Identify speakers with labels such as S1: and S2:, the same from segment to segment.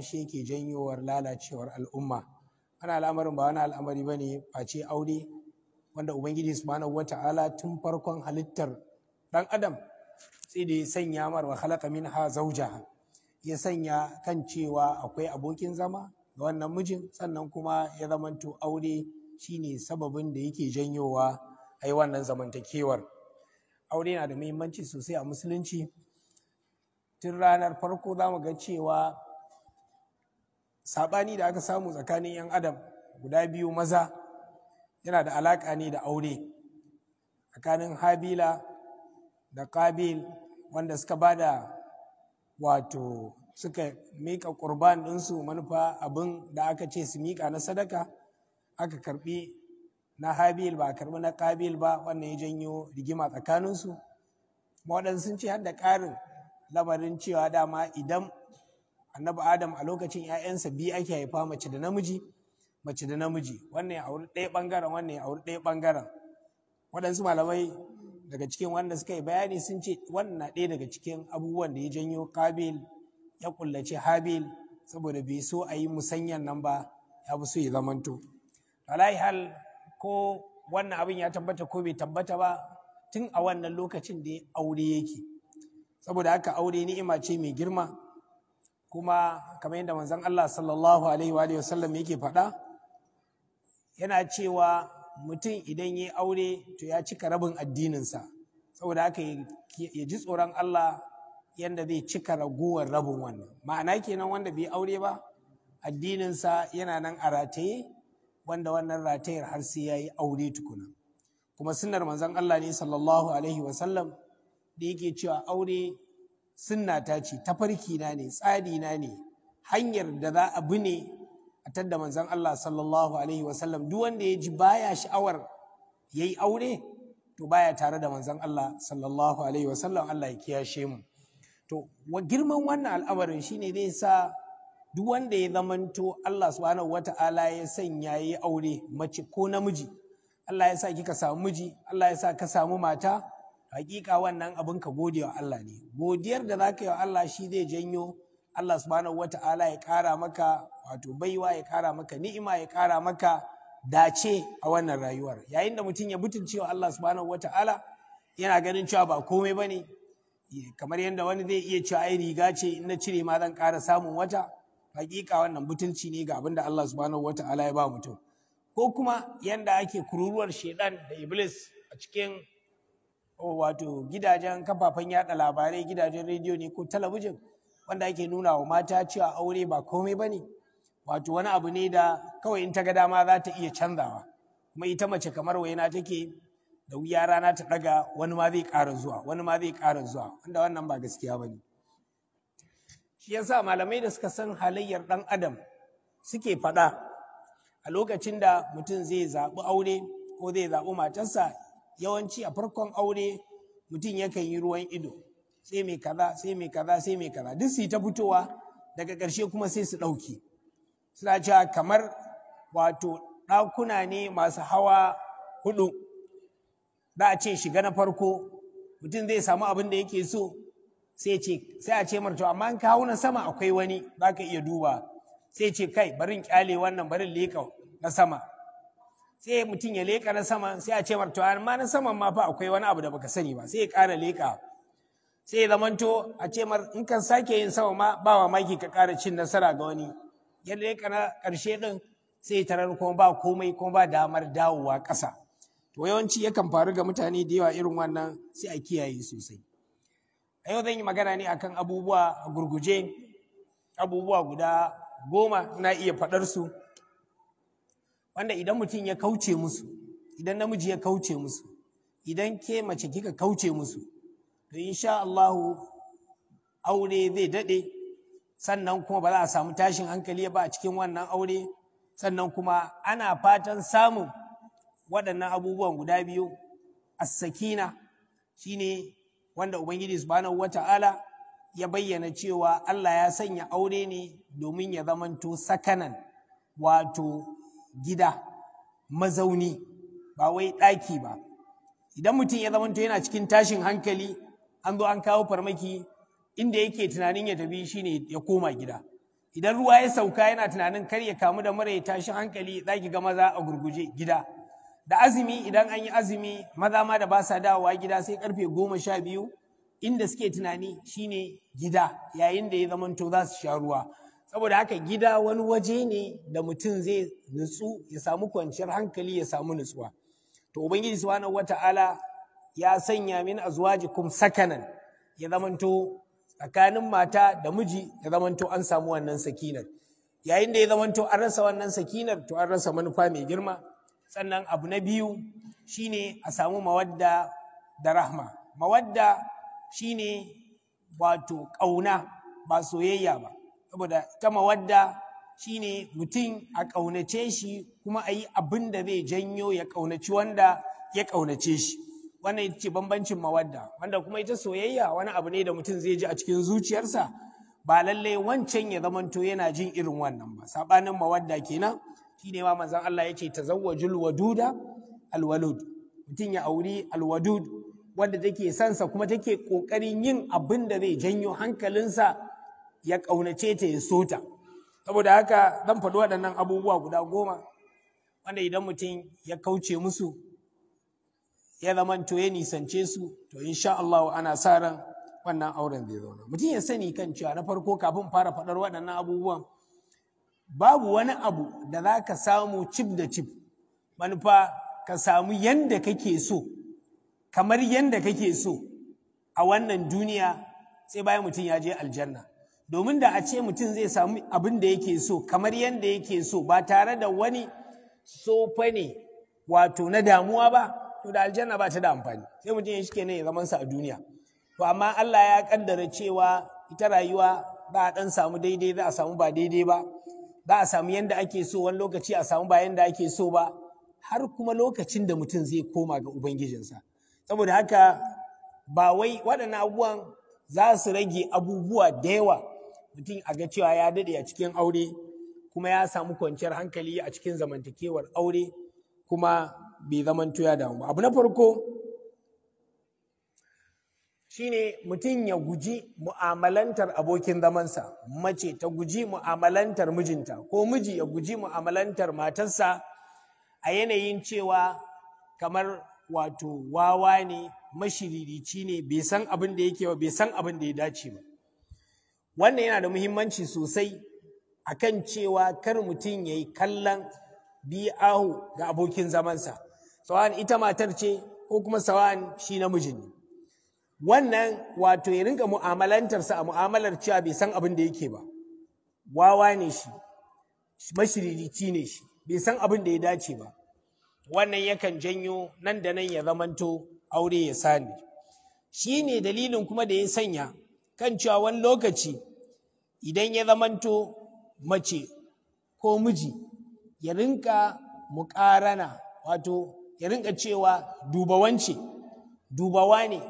S1: don shi yake janyowar lalacewar al'umma ana al'amarin ba wani al'amari ba ne face aure wanda ubangiji subhanahu wa ta'ala tun farkon halittar ɗan adam sai da ya sanya mar wa khalaqa minha zawjaha ya sanya kan cewa akwai abokin zama ga wannan mijin sannan kuma ya zamanto aure shine sababin da yake janyowa a yi wannan zamantakewar aure na da muhimmanci sosai a musulunci tun ranar farko za mu ga cewa saɓani da aka samu tsakanin 'yan adam guda biyu maza yana da alaƙa ne da aure tsakanin habila da ƙabil wanda suka ba da wato suka miƙa ƙurban ɗinsu manufa abin da aka ce su mika na sadaka aka karɓi na habil ba a karɓi na ƙabil ba wannan ya janyo rigima tsakaninsu waɗansu sun ce har da ƙarin lamarin cewa dama idan annabi adam a lokacin 'ya'yansa biyu ake haifa mace da namiji mace da namiji wannan ya auri ɗaya ɓangaren wannan ya auri ɗaya ɓangaren waɗansu malamai daga cikin wanda suka yi bayani sun ce wannan na ɗaya daga cikin abubuwan da ya janyo kabil ya kullace habil saboda bai so a yi musanyan nan ba ya fi so ya zamanto alayi hal ko wannan abin ya tabbata ko bai tabbata ba tun a wannan lokacin da ya aure yake saboda haka aure ni'ima ce mai girma kuma kamar yadda manzan Allah sallallahu alaihi wa sallam yake faɗa yana cewa mutum idan ya aure to ya cika rabin addininsa saboda haka ya ji tsoron Allah yadda zai cika raguwar rabin wannan ma'ana kenan wanda bai aure ba addininsa yana nan a rataye wanda wannan ratayar har sai ya yi aure tukuna kuma sunnar manzan Allah ne sallallahu alaihi sallam da yake cewa aure ta ce tafarki na ne tsari na ne hanyar da za a bi ne a tadda manzon Allah sallallahu alaihi wasallam duk wanda ya ji baya sha'awar yayi aure to baya tare da manzon Allah sallallahu alaihi wasallam Allah ya kiyashe mu to girman wannan al'amarin shi ne zai sa duk wanda ya zamanto Allah subhanahu wata'ala ya sanya ya aure mace ko namiji Allah ya sa kika samu miji Allah ya sa ka samu mata hakika wannan abin ka gode wa Allah ne godiyar da zaka yi wa Allah shi zai janyo Allah subhanahu wata'ala ya kara maka wato baiwa ya kara maka ni'ima ya kara maka dace a wannan rayuwar yayin da mutum ya butulce wa Allah subhanahu wata'ala yana ganin cewa ba komai bane eh, kamar yadda wani zai iya cewa ai riga ce in na cire ma zan kara samun wata hakika wannan butulci ne ga abin da Allah subhanahu wata'ala ya ba mutum ko kuma yadda ake kururuwar shedan da iblis a cikin wato gidajen kafafen yada labarai gidajen rediyo ne ko talabijin wanda ake nuna wa mata cewa aure ba komai ba ne wato wani abu ne da kawai in ta ga dama za ta iya canzawa kuma ita mace kamar waina take da wuya rana ta daga wani ma zai ƙara zuwa wani ma zai ƙara zuwa wanda wannan ba gaskiya ba ne shi yasa malamai da suka san halayyar ɗan adam suke faɗa a lokacin da mutum zai zaɓi aure ko zai zaɓi matarsa yawanci a farkon aure mutum yakan yi ruwan ido sai mai kaza sai mai kaza sai mai kaza duk su ta fitowa daga ƙarshe kuma sai su ɗauki suna cewa kamar wato ɗakuna ne masu hawa hudu za a ce shiga na farko mutum zai samu abin da yake so sai ce sai a ce marto amma in ka na sama akwai wani za ka iya duba sai ce kai barin kyale wannan barin leƙa na sama sai mutum ya leƙa na saman sai a ce to amma na saman ma fa akwai wani abu da baka sani ba sai ya ƙara leƙa sai ya zamanto a ce mar in ka sake yin sama ma ba mamaki ka ƙara cin nasara ga wani ya leƙa na ƙarshe ɗin sai ya tarar kuma ba komai kuma ba damar dawowa ƙasa to yawanci yakan faru ga mutane da yawa irin wannan sai a kiyaye sosai a yau zan yi magana ne akan abubuwa a gurguje abubuwa guda goma na iya faɗar su wanda idan mutum ya kauce musu idan namiji ya kauce musu idan ke mace kika kauce musu to insha Allahu aure zai dade sannan kuma ba za a samu tashin hankali ba a cikin wannan aure sannan kuma ana fatan samun waɗannan abubuwan guda biyu as-sakina shine wanda ubangiji subhanahu wata'ala ya bayyana cewa Allah ya sanya aure ne domin ya zamanto sakanan wato gida mazauni ba wai ɗaki ba idan mutum ya zamanto yana cikin tashin hankali an zo an kawo farmaki inda yake tunanin ya tafi shine ya koma gida idan ruwa ya sauka yana tunanin kar ya kamu da mara ya tashi hankali za ki ga maza a gurguje gida da azumi idan an yi azumi maza ma da ba sa dawowa gida sai karfe goma sha biyu inda suke tunani shine gida yayin da ya zamanto za su sha ruwa saboda haka gida wani waje ne da mutum zai nutsu ya samu kwanciyar hankali ya samu nutsuwa to ubangiji subhanahu wata'ala ya sanya min a azwajikum sakanan ya zamanto tsakanin mata da miji ya zamanto an samu wannan sakinar yayin da ya zamanto an rasa wannan sakinar to an rasa manufa mai girma sannan abu na biyu shine a samu mawadda da rahma mawadda shine wato ƙauna ba soyayya ba saboda ta mawadda ne mutum a ƙaunace shi kuma a yi abin da zai janyo ya ƙaunaci wanda ya ƙaunace shi wannan ita ce bambancin mawadda wanda kuma ita soyayya wani abu ne da mutum zai ji a cikin zuciyarsa ba lallai wancan ya zamanto yana jin irin wannan ba saɓanin mawadda kenan ne ma manzon Allah ya ce ta tazawwajul waduda alwalud mutum ya auri alwadud wanda take sansa kuma take ƙoƙarin yin abin da zai janyo hankalinsa ya ƙaunace ta ya so ta saboda haka zan faɗi waɗannan abubuwa guda goma wanda idan mutum ya kauce musu ya zama to ya nisance su to insha Allah ana sa ran wannan auren zai zauna mutum ya sani kan cewa na farko kafin fara faɗar waɗannan abubuwan babu wani abu da za ka samu cif da cif manufa ka samu yanda kake so kamar yanda kake so a wannan duniya sai bayan mutum ya je aljanna domin da a ce mutum zai samu abin da yake so kamar yadda yake so ba tare da wani sofa ne wato na damuwa ba to da aljanna ba ta da amfani sai mutum ya shike ne ya zamansa a duniya to amma Allah ya kaddara cewa ita rayuwa za'a a dan samu daidai za a samu ba daidai ba za a samu yadda ake so wani lokaci a samu ba yadda ake so ba har kuma lokacin da mutum zai koma ga ubangijinsa saboda haka ba wai waɗannan abubuwan za su rage abubuwa da yawa mutum a ga cewa ya daɗe a cikin aure kuma ya samu kwanciyar hankali a cikin zamantakewar aure kuma bai zaman ya damu ba abu na farko shine mutum ya guji mu'amalantar abokin zamansa mace ta guji mu'amalantar mijinta ko miji ya guji mu'amalantar matarsa a yanayin cewa kamar wato wawa ne mashiririci ne bai san abin da yake ba bai san abin da ya dace ba wannan yana da muhimmanci sosai a kan cewa kar mutum ya yi kallon bi'ahu ga abokin zamansa sawan ita matar ce ko kuma sawan shi namijin ne wannan wato ya ringa mu'amalantarsa a mu'amalar cewa bai san abin da yake ba wawa ne shi mashiririci ne shi bai san abin da ya dace ba wannan yakan janyo nan da nan ya zamanto aure ya sani shi ne dalilin kuma da ya sanya kan cewa wani lokaci idan ya zamanto mace ko miji ya rinka muƙarana wato ya rinka cewa dubawance dubawa ne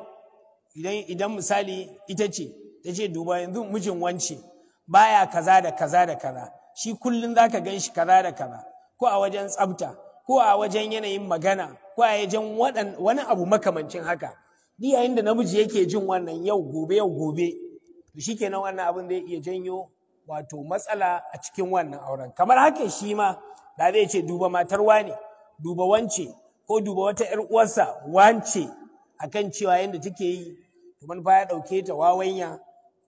S1: idan misali ita ce ta ce duba yanzu mijin wance baya kaza da kaza da kaza shi kullum zaka gan shi kaza da kaza ko a wajen tsafta ko a wajen yanayin magana ko a wajen wani abu makamancin haka yayin da namiji yake jin wannan yau gobe yau gobe shi kenan wannan abin zai iya janyo wato matsala a cikin wannan auren kamar haka shi ma da zai ce duba matar wane duba wance ko duba wata ‘yar uwarsa wance akan cewa yadda take yi to manufa ya ɗauke ta wawanya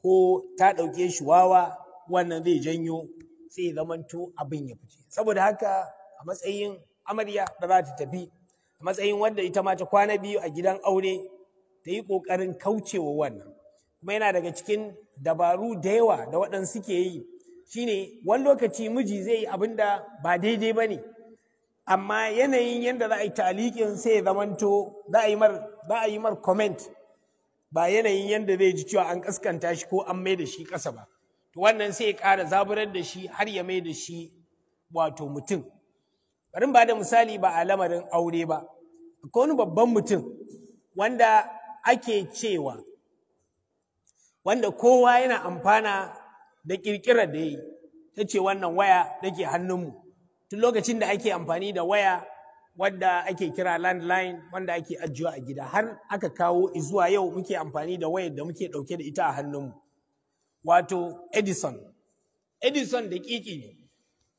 S1: ko ta ɗauke shi wawa wannan zai janyo sai zamanto abin ya fice saboda haka a matsayin amarya da za ta tafi a matsayin wanda ita ma ta kwana biyu a gidan aure ta yi ƙoƙarin kaucewa wannan kuma yana daga cikin dabaru da yawa da waɗansu suke yi shine wani lokaci miji zai yi abin da ba daidai ba ne amma yanayin yadda za a yi talikin sai zamanto za a yi mar comment ba yanayin yadda zai ji cewa an kaskanta shi ko an mai da shi ƙasa ba to wannan sai ya ƙara zaburar da shi har ya mai da shi wato mutum bari ba da misali ba a lamarin aure ba ko wani babban mutum wanda ake cewa wanda kowa yana amfana da ƙirƙirar da yi ta ce wannan waya da ke hannunmu tun lokacin da ake amfani da waya wadda ake kira landline wanda ake ajiyo a gida har aka kawo zuwa yau muke amfani da wayar da muke ɗauke da ita a hannunmu wato edison edison da ƙiƙi ne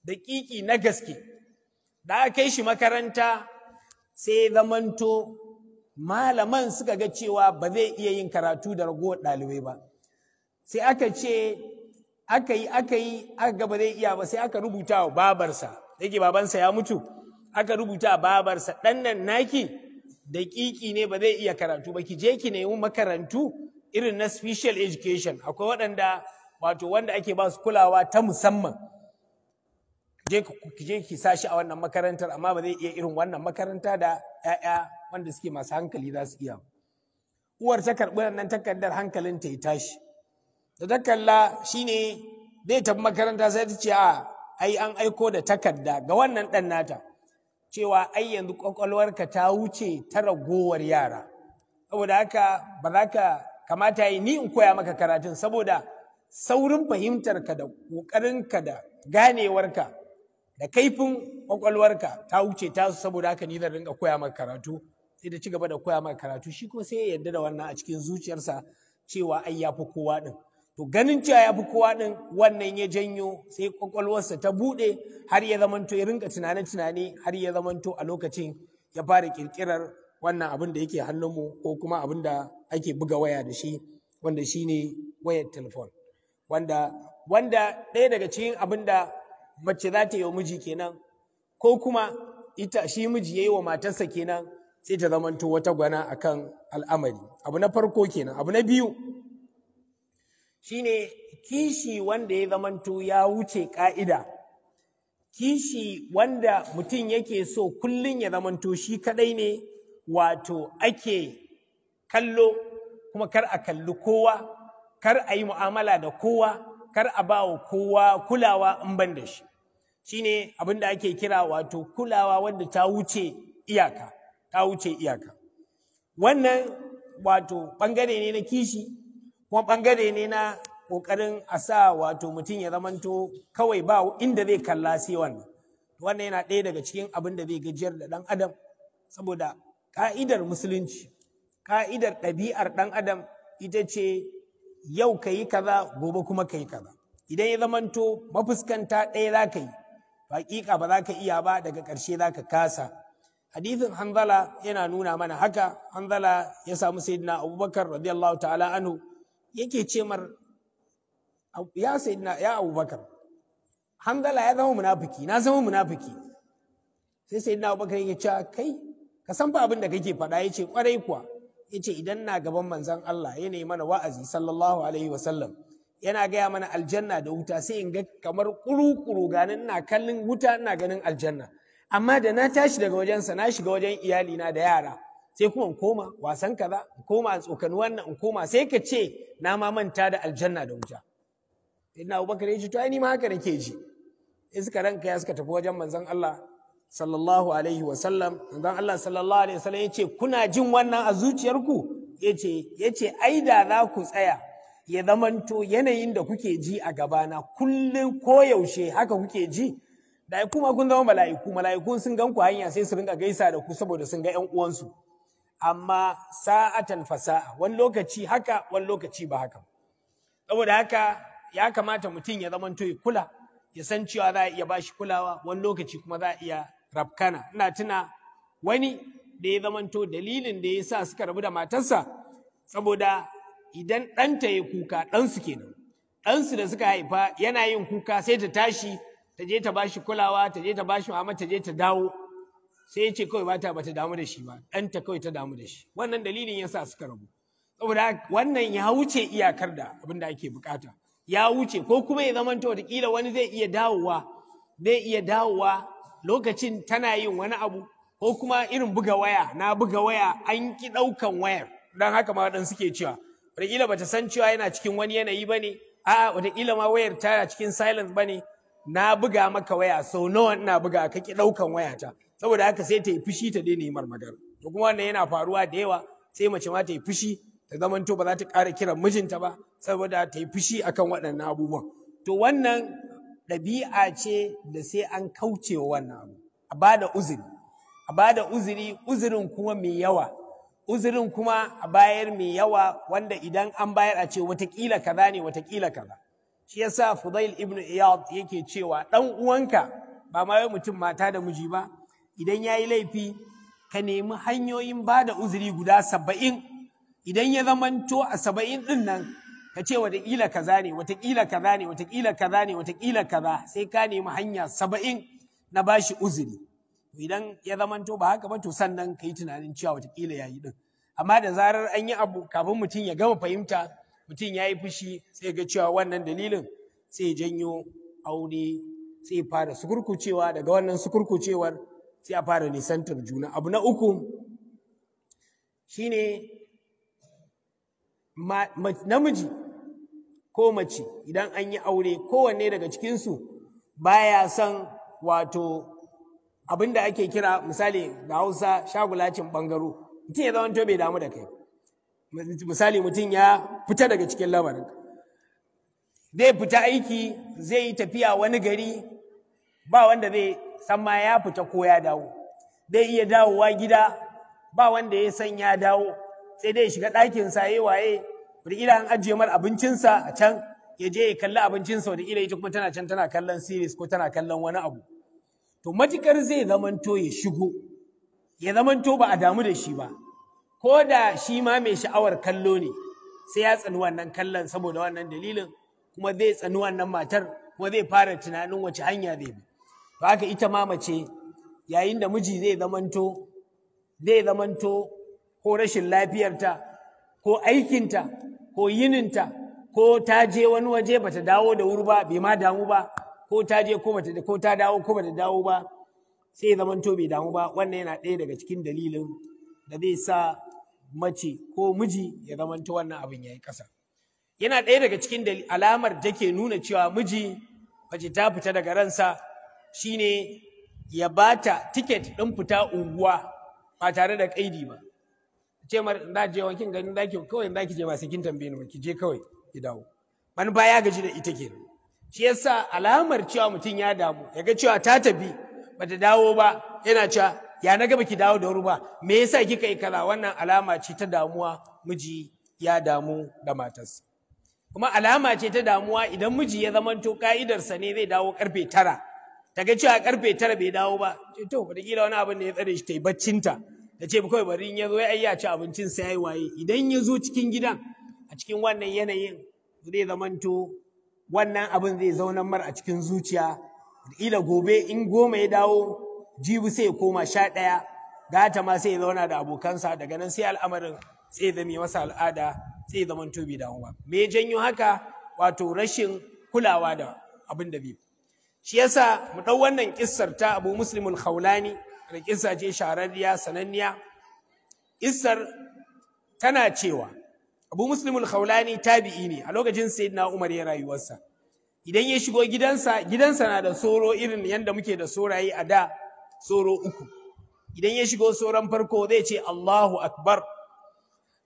S1: da ƙiƙi na gaske da aka kai shi makaranta sai zamanto malaman suka ga cewa ba zai iya yin karatu da ragowar ɗalibai ba sai aka ce aka yi aka yi aka gaba zai iya ba sai aka rubuta wa babarsa yake babansa ya mutu aka rubuta babarsa ɗan nan naki daƙiƙi ne ba zai iya karatu ba ki je ki nemi makarantu irin na special education akwai waɗanda wato wanda ake ba su kulawa ta musamman je ki je ki sashi a wannan makarantar amma ba zai iya irin wannan makaranta da 'ya'ya wanda suke masu hankali za su iya uwar ta karɓi nan takardar hankalin ta ya tashi da kalla shine zai tafi makaranta sai ta ce a ai an aiko da takarda ga wannan ɗan nata cewa ai yanzu kwakwalwarka ta wuce ta ragowar yara saboda haka ba za ka kamata yi ni in koya maka karatun saboda saurin fahimtarka da ƙoƙarinka da ganewarka da kaifin kwakwalwarka ta wuce ta saboda haka ni zan rinka koya maka karatu sai da ci gaba da koya maka karatu shi kuma sai ya yarda da wannan a cikin zuciyarsa cewa ai ya fi kowa din to ganin cewa ya fi kowa ɗin wannan ya janyo sai kwakwalwarsa ta buɗe har ya zamanto ya rinka tunane-tunane har ya zamanto a lokacin ya fara ƙirƙirar wannan abin da yake hannunmu ko kuma abin da ake buga waya da shi wanda shi ne wayar telefon wanda wanda ɗaya daga cikin abin da mace za ta yi wa miji kenan ko kuma ita shi miji ya yi wa matarsa kenan sai ta zamanto wata gwana akan al'amari abu na farko kenan abu na biyu shine kishi wanda ya zamanto ya wuce ka'ida kishi wanda mutum yake so kullum ya zamanto shi kadai ne wato ake kallo kuma kar a kalli kowa kar a yi mu'amala da kowa kar a ba wa kowa kulawa in ban da shi shine abin da ake kira wato kulawa wanda ta wuce iyaka ta wuce iyaka wannan wato bangare ne na kishi kuma bangare ne na ƙoƙarin a sa wato mutum ya zamanto kawai ba inda zai kalla sai wannan wannan yana ɗaya daga cikin abin da zai gajiyar da ɗan adam saboda ka'idar musulunci ka'idar ɗabi'ar ɗan adam ita ce yau ka yi kaza gobe kuma ka yi kaza idan ya zamanto mafuskanta ɗaya za ka yi hakika ba za ka iya ba daga ƙarshe za ka kasa Hadisin hanzala yana nuna mana haka hanzala ya samu sayyidina abubakar radiyallahu ta'ala anhu yake ce mar ya sayyidina ya abubakar hamdala ya zama munafiki na zama munafiki sai sayyidina abubakar yake cewa kai ka san fa abin da kake faɗa yace kwarai kuwa yace idan na gaban manzon Allah ya nemi mana wa'azi sallallahu alaihi wa sallam. yana gaya mana aljanna da wuta sai in ga kamar kuru-kuru ganin na kallin wuta ina ganin aljanna amma da na tashi daga wajensa na shiga wajen iyalina da yara sai kuma in koma wasan kaza in koma tsokani wannan in koma sai ka ce na ma manta da aljanna da wuta sayyidina abubakar ya ce to ai ni ma haka nake ji iska ranka ya suka tafi wajen manzon Allah sallallahu alaihi wa sallam manzon Allah sallallahu alaihi wa sallam ya kuna jin wannan a zuciyarku yace yace ai da za ku tsaya ya zamanto yanayin da kuke ji a gaba na kullum koyaushe haka kuke ji da kuma kun zama mala'iku mala'ikun sun gan ku hanya sai su rinka gaisa da ku saboda sun ga 'yan uwansu amma sa'atan fasa'a wani lokaci haka wani lokaci ba haka saboda haka ya kamata mutum ya zamanto ya kula ya san cewa za a iya ba shi kulawa wani lokaci kuma za a iya rafkana ina tuna wani da ya zamanto dalilin da ya sa suka rabu da matarsa saboda idan ɗanta ya kuka ɗansu kenan ɗansu da suka haifa yana yin kuka sai ta tashi ta je ta ba shi kulawa ta je ta bashi mama ta je ta dawo sai ya ce kawai bata bata damu da shi ba ɗanta kawai ta damu da shi wannan dalilin yasa suka rabu saboda wannan ya wuce iyakar da abin da ake bukata ya wuce ko kuma ya zamanta watakila wani zai iya dawowa zai iya dawowa lokacin tana yin wani abu ko kuma irin buga waya na buga waya an ki ɗaukan wayar don haka ma waɗansu suke cewa wataƙila bata san cewa yana cikin wani yanayi ba ne a wataƙila ma wayar tana cikin silence ba ne na buga maka waya sau nawa ina buga ka ki ɗaukan wayata saboda haka sai ta yi fushi ta daina yi magana to kuma wannan yana faruwa da yawa sai mace ma ta yi fushi ta zamanto ba za ta ƙara kiran mijinta ba saboda ta yi fushi akan waɗannan abubuwan to wannan ɗabi'a ce da sai an kauce wa wannan abu a ba da uzuri a ba uzuri uzurin kuma mai yawa uzurin kuma a bayar mai yawa wanda idan an bayar a ce watakila kaza ne watakila kaza shi yasa Fudail ibn Iyad yake cewa dan uwanka ba ma wai mutum mata da miji ba idan yayi laifi ka nemi hanyoyin ba da uzuri guda saba'in idan ya zamanto a saba'in din nan ka ce wataƙila kaza ne wataƙila kaza ne wataƙila kaza ne wataƙila kaza sai ka nemi hanya saba'in na bashi uzuri idan ya zamanto ba haka ba to sannan ka yi tunanin cewa wataƙila ya yi din amma da zarar an yi abu kafin mutum ya gama fahimta mutum ya yi fushi sai ga cewa wannan dalilin sai janyo aure sai fara sukurkucewa daga wannan sukurkucewar sai a fara nisantar juna abu na uku shine namiji ko mace idan an yi aure kowanne daga cikinsu baya son wato abinda ake kira misali da hausa shagulacin ɓangaro mutum ya zama to bai damu da kai misali mutum ya fita daga cikin lamarin zai fita aiki zai yi tafiya wani gari ba wanda zai san ma ya fita ko ya dawo zai iya dawowa gida ba wanda ya san ya dawo sai dai shiga ɗakinsa ya waye wataƙila an ajiye mar abincinsa a can ya je ya kalli abincinsa wataƙila ita kuma tana can tana kallon series ko tana kallon wani abu to matukar zai zamanto ya shigo ya zamanto ba a damu da shi ba ko da shi ma mai sha'awar kallo ne sai ya tsani wannan kallon saboda wannan dalilin kuma zai tsani wannan matar kuma zai fara tunanin wace hanya zai bi to haka ita ma mace yayin da miji zai zamanto zai zamanto ko rashin lafiyarta ko aikinta ko yininta ko ta je wani waje bata dawo da wuri ba bai ma damu ba ko ta je ko bata ko ta dawo ko bata dawo ba sai zamanto bai damu ba wannan yana ɗaya daga cikin dalilin da zai sa mace ko miji ya zamanta wannan abin ya yi ƙasa yana ɗaya daga cikin alamar da ke nuna cewa miji mace ta fita daga ransa shi ne ya ba ta tiket ɗin fita unguwa ba tare da ƙaidi ba ce mar da je wankin ganin daki kawai da ki je ba kin tambaye ni ki je kawai ki dawo man ba ya gaji da ita ke shi yasa alamar cewa mutum ya damu ya ga cewa ta tafi bata dawo ba yana cewa ya na gaba ki dawo da wuri ba me yasa kika yi kaza wannan alama ce ta damuwa miji ya damu da matarsa kuma alama ce ta damuwa idan miji ya zamanto ka'idarsa ne zai dawo karfe tara ta ga cewa karfe tara bai dawo ba to wataƙila wani abin da ya tsare shi ta yi baccinta ta ce kawai bari in ya zo ya ci abincin sa yayi waye idan ya zo cikin gidan a cikin wannan yanayin zai zamanto wannan abin zai zaunan mar a cikin zuciya wataƙila gobe in goma ya dawo jibi sai ya koma sha ɗaya gata ma sai ya zauna da abokansa daga nan sai al'amarin sai zame masa al'ada sai zaman tobi da damuwa me janyo haka wato rashin kulawa da abin da biyu shi yasa mu ɗau wannan kissar ta abu muslimul khawlani da kissa ce shahararriya sananniya kissar tana cewa abu muslimul khawlani tabi'i ne a lokacin sayyidina umar ya rayuwarsa idan ya shigo gidansa gidansa na da soro irin yadda muke da soraye a da soro uku idan ya shigo soron farko zai ce Allahu akbar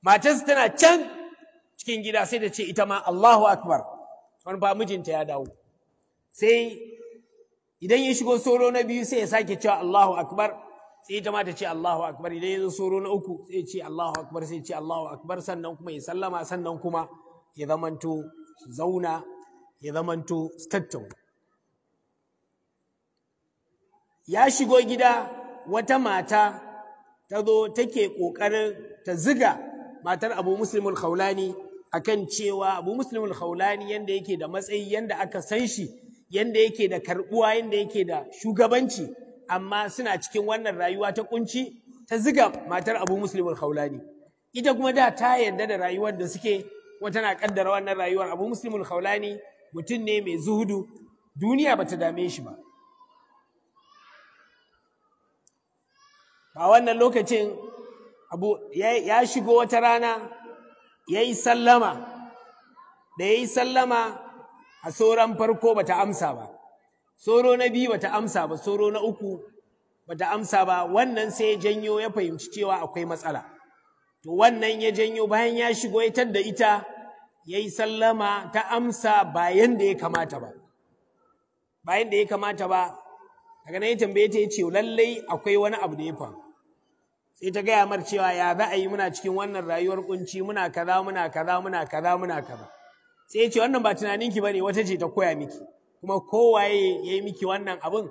S1: matarsa tana can cikin gida sai ta ce ita ma Allahu akbar wani ba mijinta ya dawo sai idan ya shigo soro na biyu sai ya sake cewa Allahu akbar sai ita ma ta ce Allahu akbar idan ya zo soro na uku sai ce Allahu akbar sai ce Allahu akbar sannan kuma ya sallama sannan kuma ya zamanto zauna ya zamanto tattauna ya shigo gida wata mata ta zo take ƙoƙarin ta ziga matar abu muslimul a akan cewa abu muslimul khaulani yanda yake da matsayi yanda aka san shi yanda yake da karbuwa yanda yake da shugabanci amma suna cikin wannan rayuwa ta kunci ta ziga matar abu muslimul khaulani ita kuma da ta yarda da rayuwar da suke wata na kaddara wannan rayuwar abu muslimul khaulani mutum ne mai zuhudu duniya bata dame shi ba a wannan lokacin abu ya shigo wata rana ya yi sallama da ya yi sallama a sauran farko bata amsa ba sauro na biyu bata amsa ba sauro na uku bata amsa ba wannan sai ya janyo ya fahimci cewa akwai matsala to wannan ya janyo bayan ya shigo ya tadda ita ya yi sallama ta amsa bayan da ya kamata ba Bayan da ya kamata ba daga nan ya tambaye ta ya ce lallai akwai wani abu da ya faru sai ta gaya mar cewa ya za a yi muna cikin wannan rayuwar kunci muna kaza muna kaza muna kaza muna kaza sai ya ce wannan ba tunaninki bane wata ce ta koya miki kuma kowaye ya yi miki wannan abun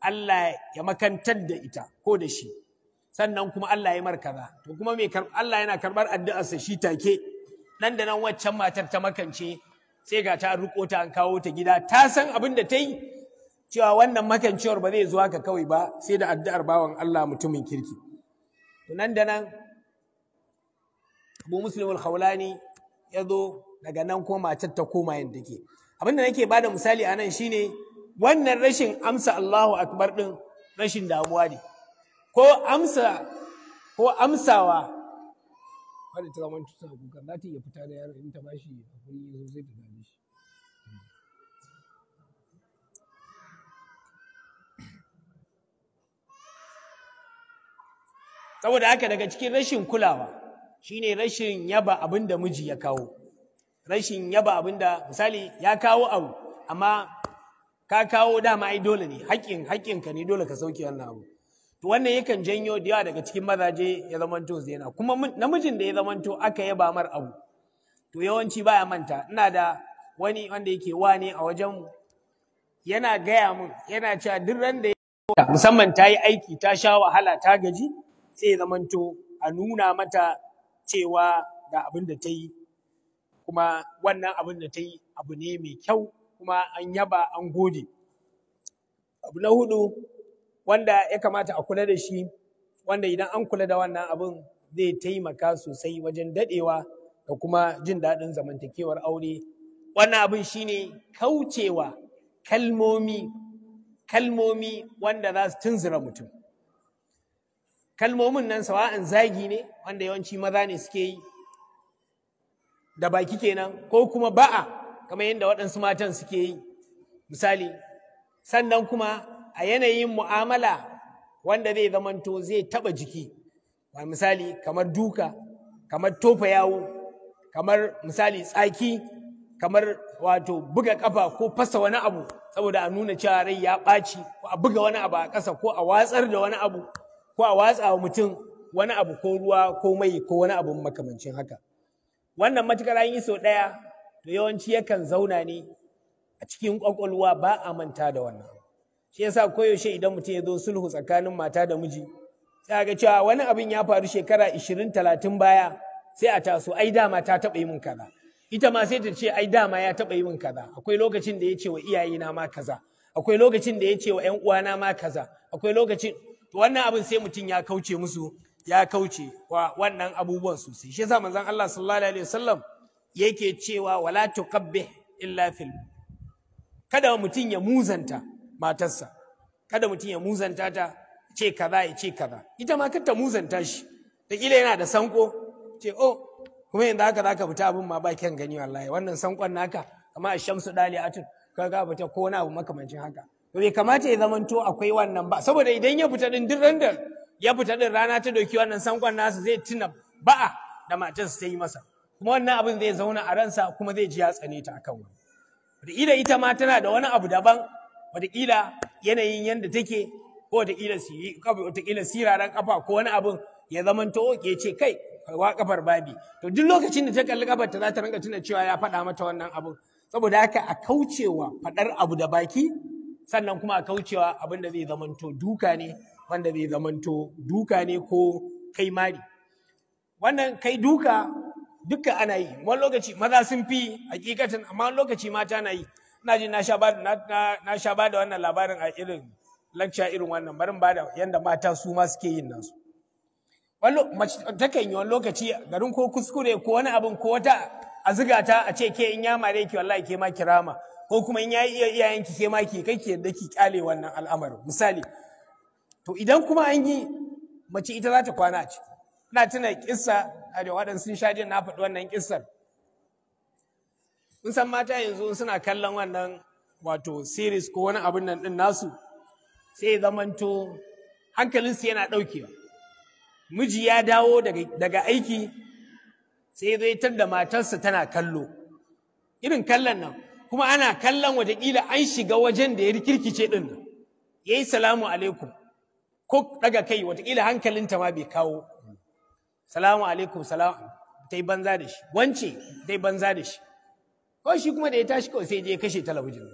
S1: Allah ya makantar da ita ko da shi sannan kuma Allah ya mar kaza to kuma mai Allah yana karbar addu'ar sa shi take nan da nan waccan matar ta makance sai ga ta ruko ta an kawo ta gida ta san abin da ta yi cewa wannan makancewar ba zai zuwa ka kawai ba sai da addu'ar bawan Allah mutumin kirki tunan da nan abu muslim al-khawlani ya zo daga nan ko matar ta koma yadda take abin da nake bada misali a nan shine wannan rashin amsa Allahu akbar din rashin damuwa ne ko amsa ko amsawa wanda ta tutar ta kuka za ta iya fita da yaro in ta bashi a hakuri zai ta gane shi saboda haka daga cikin rashin kulawa shine rashin yaba abin da miji ya kawo rashin yaba abin da misali ya kawo abu amma ka kawo dama ai dole ne haƙƙin haƙƙinka ne dole ka sauke wannan abu to wannan yakan janyo da yawa daga cikin mazaje ya zamanto zaina, kuma namijin da ya zamanto aka yaba mar abu to yawanci baya manta ina da wani wanda yake ne a wajen yana gaya mun yana cewa duk ran da ya musamman ta yi aiki ta sha wahala ta gaji zai zamanto a nuna mata cewa ga abin da ta yi kuma wannan abin da ta yi abu ne mai kyau kuma an yaba an gode abu na hudu wanda ya kamata a kula da shi wanda idan an kula da wannan abin zai taimaka sosai wajen dadewa da kuma jin daɗin zamantakewar aure wannan abin shine kaucewa kalmomi kalmomi wanda za su tunzura mutum kalmomin nan sawa'an zagi ne wanda yawanci maza ne suke yi da baki kenan ko kuma ba'a kamar yadda waɗansu matan suke yi misali sannan kuma a yanayin mu'amala wanda zai zamanto zai taɓa jiki ba misali kamar duka kamar tofa yawo kamar misali tsaki kamar wato buga ƙafa ko fasa wani abu saboda a nuna cewa rai ya ɓaci ko a buga wani abu a ƙasa ko a watsar da wani abu ko a watsa wa mutum wani abu ko ruwa ko mai ko wani abu makamancin haka wannan matukar an yi sau ɗaya to yawanci yakan zauna ne a cikin ƙwaƙwalwa ba a manta da wannan shi yasa koyaushe idan mutum ya zo sulhu tsakanin mata da miji sai ga cewa wani abin ya faru shekara ishirin talatin baya sai a taso ai dama ta taɓa yi min kaza ita ma sai ta ce ai dama ya taɓa yi min kaza akwai lokacin da ya ce wa iyayena ma kaza akwai lokacin da ya ce wa 'yan uwana ma kaza akwai lokacin to wannan abin sai mutum ya kauce musu ya kauce wa wannan abubuwan sosai shi yasa manzon Allah sallallahu alaihi wasallam yake cewa wala tuqabbi illa fil kada mutum ya muzanta matarsa kada mutum ya muzanta ta ce kaza ya ce kaza ita ma kanta muzanta shi da kila yana da sanko ce oh kuma yanzu haka zaka fita abin ma ba kyan gani wallahi wannan sankon naka amma dali dali'atun kaga fita ko na abu makamancin haka to bai kamata ya zamanto akwai wannan ba saboda idan ya fita din duk ya fita din rana ta doki wannan sankon nasa zai tuna ba'a da matarsa ta yi masa kuma wannan abin zai zauna a ransa kuma zai ji ya tsane ta akan wani wataƙila ita ma tana da wani abu daban wataƙila yanayin yadda take ko wataƙila siraran kafa ko wani abin ya zamanto ke ce kai wa kafar babi to duk lokacin da ta kalli kafar ta za ta rinka tuna cewa ya faɗa mata wannan abin saboda haka a kaucewa faɗar abu da baki sannan kuma a kaucewa abin da zai zamanto duka ne wanda zai zamanto duka ne ko kai mari wannan kai duka duka ana yi wani lokaci maza sun fi hakikatin amma wani lokaci mata na yi ina ji na sha ba da wannan labarin a irin lakca irin wannan barin ba da yanda mata su ma suke yin nasu takan yi wani lokaci garin ko kuskure ko wani abin ko wata a zigata ta a ce ke in yama ne ki wallahi ke ma kirama ko kuma in yayi iya iyayen ki ke ma ke kai ke da ki kyale wannan al'amarin misali to idan kuma an yi mace ita za ta kwana a ciki ina tuna kissa a da waɗansu sun sha na faɗi wannan kissar kun san mata yanzu suna kallon wannan wato series ko wani abun nan din nasu sai zamanto hankalinsu yana ɗaukewa miji ya dawo daga aiki sai zai tar da matarsa tana kallo irin kallon nan kuma ana kallon watakila an shiga wajen da ya rikirkice ɗin nan ya yi salamu alaikum ko daga kai watakila hankalinta ma bai kawo salamu alaikum salamu ta yi banza da shi wance ta yi banza da shi ko shi kuma da ya tashi kawai sai je kashe talabijin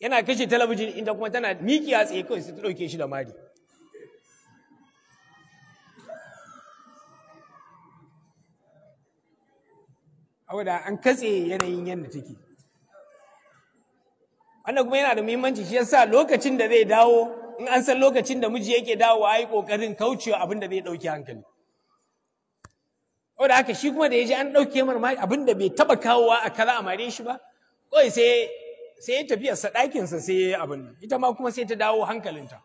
S1: yana kashe talabijin inda kuma tana miƙiya tsaye kawai sai ta ɗauke shi da mari saboda an katse yanayin yadda take wannan kuma yana da muhimmanci shi yasa lokacin da zai dawo in an san lokacin da miji yake dawo, ayi kokarin kaucewa abin da zai dauki hankali saboda haka shi kuma da yaji an dauke mar abin da bai taba kawowa a kaza a mare shi ba kawai sai sai ya tafi sa sa sai yayi abin nan ita ma kuma sai ta dawo hankalinta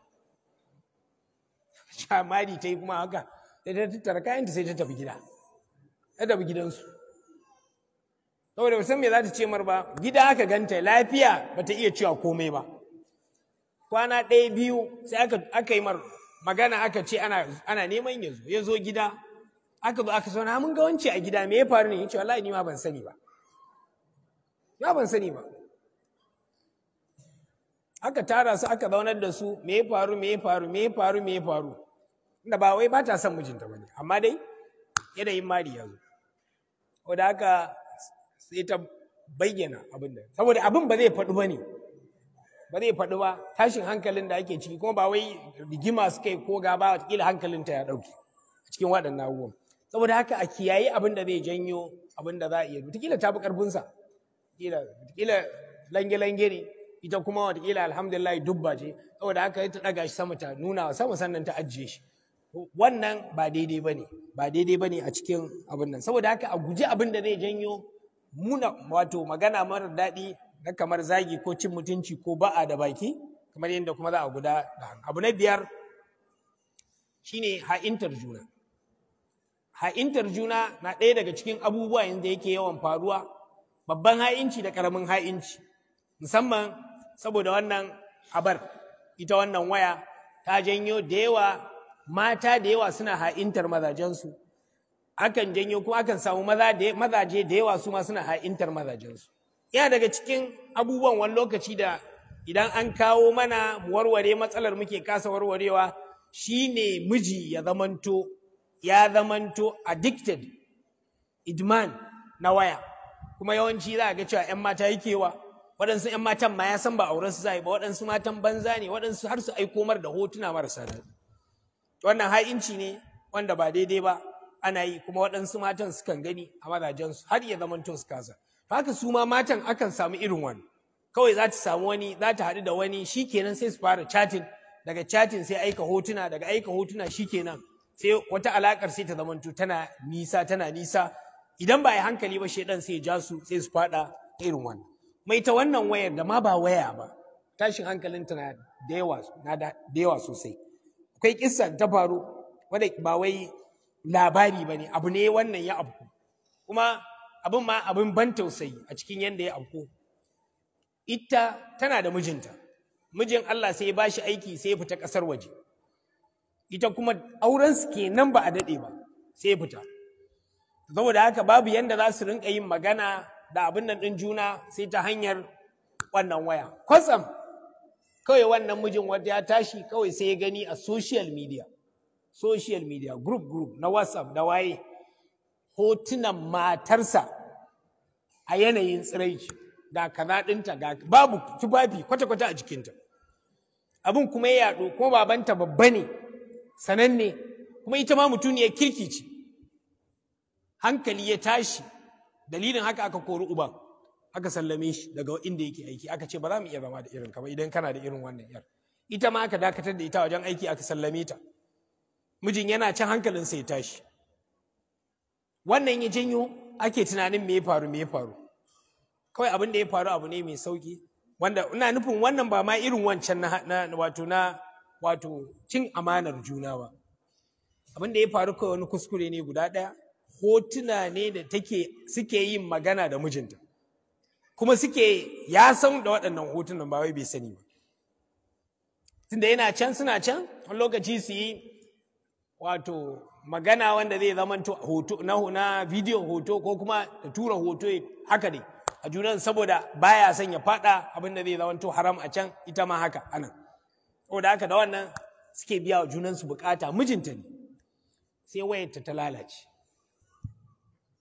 S1: shamari ta yi kuma haka sai ta tattara kayanta sai ta tafi gida ta tafi gidansu saboda ba san me za ta ce mar ba gida aka ganta lafiya ba ta iya cewa komai ba kwana ɗaya biyu sai aka yi mar magana aka ce ana neman ya zo ya zo gida aka zo aka sauna ah, mun ga wance a gida me ya faru ne ce wallahi ni ma ban sani ba ya ban sani ba aka tara su aka zaunar da su me ya faru me ya faru me ya faru me ya faru inda ba wai ba ta son mijinta bane amma dai yanayin mari ya zo Wadda haka sai ta bayyana abin da saboda abin ba zai faɗi ba ne ba zai faɗi ba tashin hankalin da ake ciki kuma ba wai rigima suka yi ko gaba kila hankalin ta ya ɗauki a cikin waɗannan abubuwan saboda haka a kiyaye abin da zai janyo abin da za a iya watakila ta fi ƙarfinsa watakila lange-lange ne ita kuma watakila alhamdulillah dubba ce saboda haka ta ɗaga shi sama ta nuna sama sannan ta ajiye shi wannan ba daidai ba ne ba daidai ba ne a cikin abin nan saboda haka a guji abin da zai janyo muna wato magana mara daɗi na kamar zagi ko cin mutunci ko ba'a da baki kamar yadda kuma za a guda da hannu abu na biyar shine ha'intar juna ha'intar juna na ɗaya daga cikin abubuwa yadda yake yawan faruwa babban ha'inci da ƙaramin ha'inci musamman saboda wannan abar ita wannan waya ta janyo da yawa mata da yawa suna ha'intar mazajensu akan janyo kuma akan samu mazaje da yawa su ma suna ha'intar mazajensu yana daga cikin abubuwan wani lokaci da idan an kawo mana warware matsalar muke kasa warwarewa shine miji ya zamanto ya zamanto addicted idman na waya kuma yawanci za a ga cewa 'yan mata yake wa waɗansu 'yan matan ma ya san ba auren su za ba waɗansu matan banza ne waɗansu har su aiko mar da hotuna marasa daɗi wannan ha'inci ne wanda ba daidai ba ana yi kuma waɗansu matan sukan gani a mazajensu har ya zamanto su kasa to haka su ma matan akan samu irin wani kawai za ta samu wani za ta haɗu da wani shi kenan sai su fara chatting daga chatting sai aika hotuna daga aika hotuna shi kenan sai wata alaƙar sai ta zamanto tana nisa tana nisa idan ba a yi hankali ba shaidan sai ja su sai su faɗa irin wannan mai ta wannan wayar da ma ba waya ba tashin hankalin ta na da yawa sosai akwai kissa ta faru wadda ba wai labari ba ne abu ne wannan ya abu kuma abin ma abin ban tausayi a cikin yadda ya abu ita tana da mijinta mijin Allah sai ya bashi aiki sai ya fita ƙasar waje ita kuma aurensu kenan ba a daɗe ba sai ya fita saboda haka babu yadda za su rinka yin magana da abin nan ɗin juna sai ta hanyar wannan waya kwatsam kawai wannan mijin wanda ya tashi kawai sai ya gani a social media social media group group na whatsapp na waye hotunan matarsa a yanayin tsiraici da kaza ga babu tufafi kwata-kwata a jikinta abin kuma ya yaɗo kuma babanta babba ne sananne kuma ita ma mutuniyar kirki ce hankali ya tashi dalilin haka aka kori uba aka sallame shi daga inda yake aiki aka ce ba za mu iya zama da irin ka idan kana da irin wannan yar ita ma aka dakatar da ita wajen aiki aka sallame ta mijin yana cin hankalin sai tashi wannan ya janyo ake tunanin me ya faru me ya faru kawai abin da ya faru abu ne mai sauki wanda ina nufin wannan ba ma irin wancan na, wato na wato cin amanar juna ba abin da ya faru kawai wani kuskure ne guda ɗaya hotuna ne da take suke yin magana da mijinta kuma suke ya san da waɗannan hotunan ba wai bai sani ba tunda yana can suna can wani lokaci su yi wato magana wanda zai zama hoto na na video hoto ko kuma tura hoto haka ne a junan saboda baya son ya fada abin zai zama to haram a can ita ma haka anan saboda haka da wannan suke biya wa junan su bukata mijinta ne sai wayarta ta lalace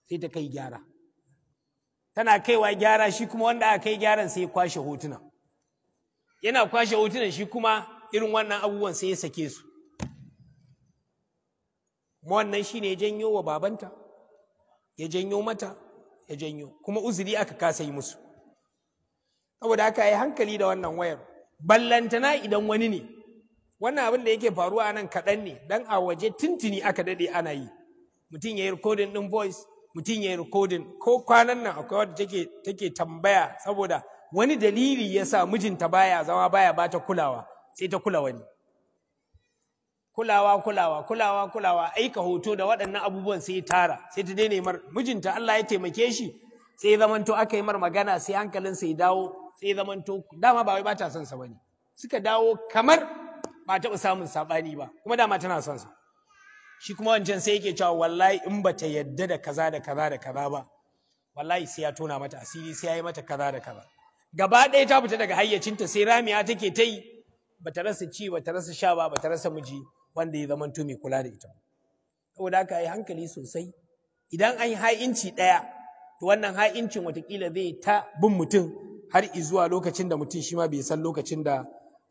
S1: sai ta kai gyara tana kaiwa gyara shi kuma wanda aka kai gyaran sai ya kwashe hotuna yana kwashe hotunan shi kuma irin wannan abubuwan sai ya sake su wannan shine ya janyo wa babanta ya janyo mata ya janyo kuma uzuri aka kasa yi musu saboda aka yi hankali da wannan wayar ballantana idan wani ne wannan abin da yake faruwa nan kaɗan ne dan a waje tintini aka daɗe ana yi mutum ya yi rikodin ɗin voice mutum ya yi rikodin ko kwanan nan akwai wadda take tambaya saboda wani dalili ya sa mijinta baya zama baya bata kulawa sai ta kula wani kulawa kulawa kulawa kulawa aika hoto da waɗannan abubuwan sai tara sai ta daina mar mijinta Allah ya taimake shi sai zamanto aka yi mar magana sai hankalin sai dawo sai zamanto dama ba wai ba ta son sa bane suka dawo kamar ba taɓa samun saɓani ba kuma dama tana son sa shi kuma wancan sai yake cewa wallahi in bata ta yadda da kaza da kaza da kaza ba wallahi sai ya tona mata asiri sai ya yi mata kaza da kaza gaba ɗaya ta fita daga hayyacinta sai ramiya take ta yi bata rasa ci bata rasa sha ba bata rasa miji wanda ya zama mai kula da ita saboda haka yi hankali sosai idan an yi ha'inci ɗaya to wannan ha'incin watakila zai ta bin mutum har zuwa lokacin da mutum shi ma bai san lokacin da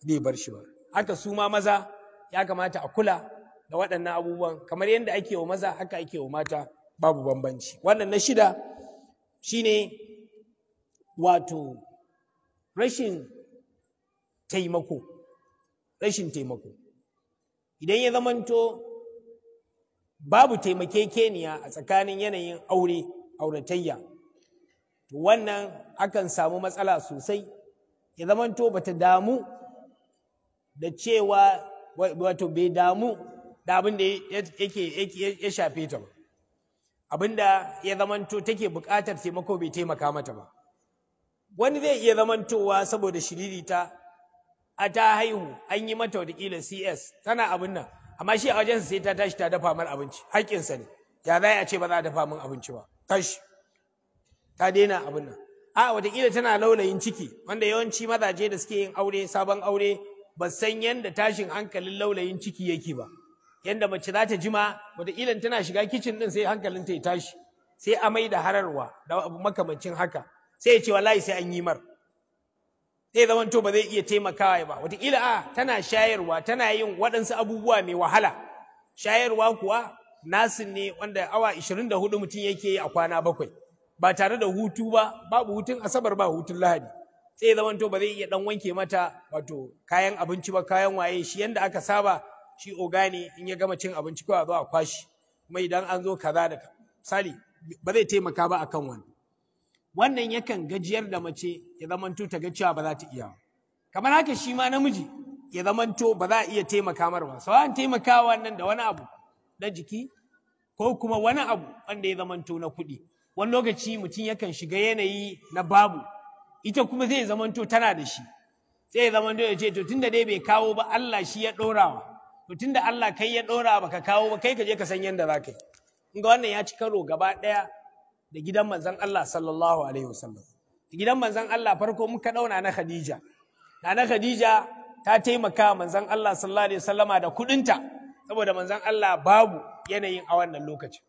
S1: zai bar shi ba haka su ma maza ya kamata a kula da waɗannan abubuwan kamar yadda ake wa maza haka ake wa mata babu bambanci wannan na shida shine wato rashin taimako rashin taimako idan ya zamanto babu taimakekeniya a tsakanin yanayin aure auratayya wannan akan samu matsala sosai ya zamanto bata damu da cewa wato bai damu da abin da yake ya shafe ta ba abin da ya zamanto take bukatar taimako bai taimaka mata ba wani zai iya zamantowa saboda shiriri ta. a ta haihu an yi mata watakila CS tana abin nan amma shi a wajen sai ta tashi ta dafa mar abinci haƙƙinsa ne ya za a ce ba za a dafa min abinci ba tashi ta daina abin nan a watakila tana laulayin ciki wanda yawanci mazaje da suke yin aure sabon aure ba san yanda tashin hankalin laulayin ciki yake ba yanda mace za ta jima watakila tana shiga kicin din sai hankalin ta ya tashi sai amai da hararwa da makamancin haka sai ya ce wallahi sai an yi mar zai zama to ba zai iya taimakawa ba wataƙila a tana shayarwa tana yin waɗansu abubuwa mai wahala shayarwa kuwa nasin ne wanda awa 24 mutum yake yi a kwana bakwai ba tare da hutu ba babu hutun asabar ba hutun lahadi sai zama to ba zai iya dan wanke mata wato kayan abinci ba kayan waye shi yanda aka saba shi ogani in ya gama cin abinci kawai a zo a kwashi kuma idan an zo kaza da misali ba zai taimaka ba akan wani wannan yakan gajiyar da mace ya zamanto ta ga cewa ba za ta iya kamar haka shi ma namiji ya zamanto ba za a iya taimaka mar ba an taimakawa nan da wani abu na jiki ko kuma wani abu wanda ya zamanto na kuɗi wani lokaci mutum yakan shiga yanayi na babu ita kuma zai zamanto tana da shi sai ya zamanto ya ce to tunda dai bai kawo ba Allah shi ya ɗorawa to tunda Allah kai ya ɗora baka kawo ba kai ka je ka san yanda za ka yi in ga wannan ya ci karo gaba ɗaya da gidan manzon Allah sallallahu alaihi wasallam gidan manzon Allah farko muka dauna na Khadija Nana Khadija ta taimaka manzon Allah sallallahu alaihi wasallama da kudinta saboda manzon Allah babu yanayin a wannan lokacin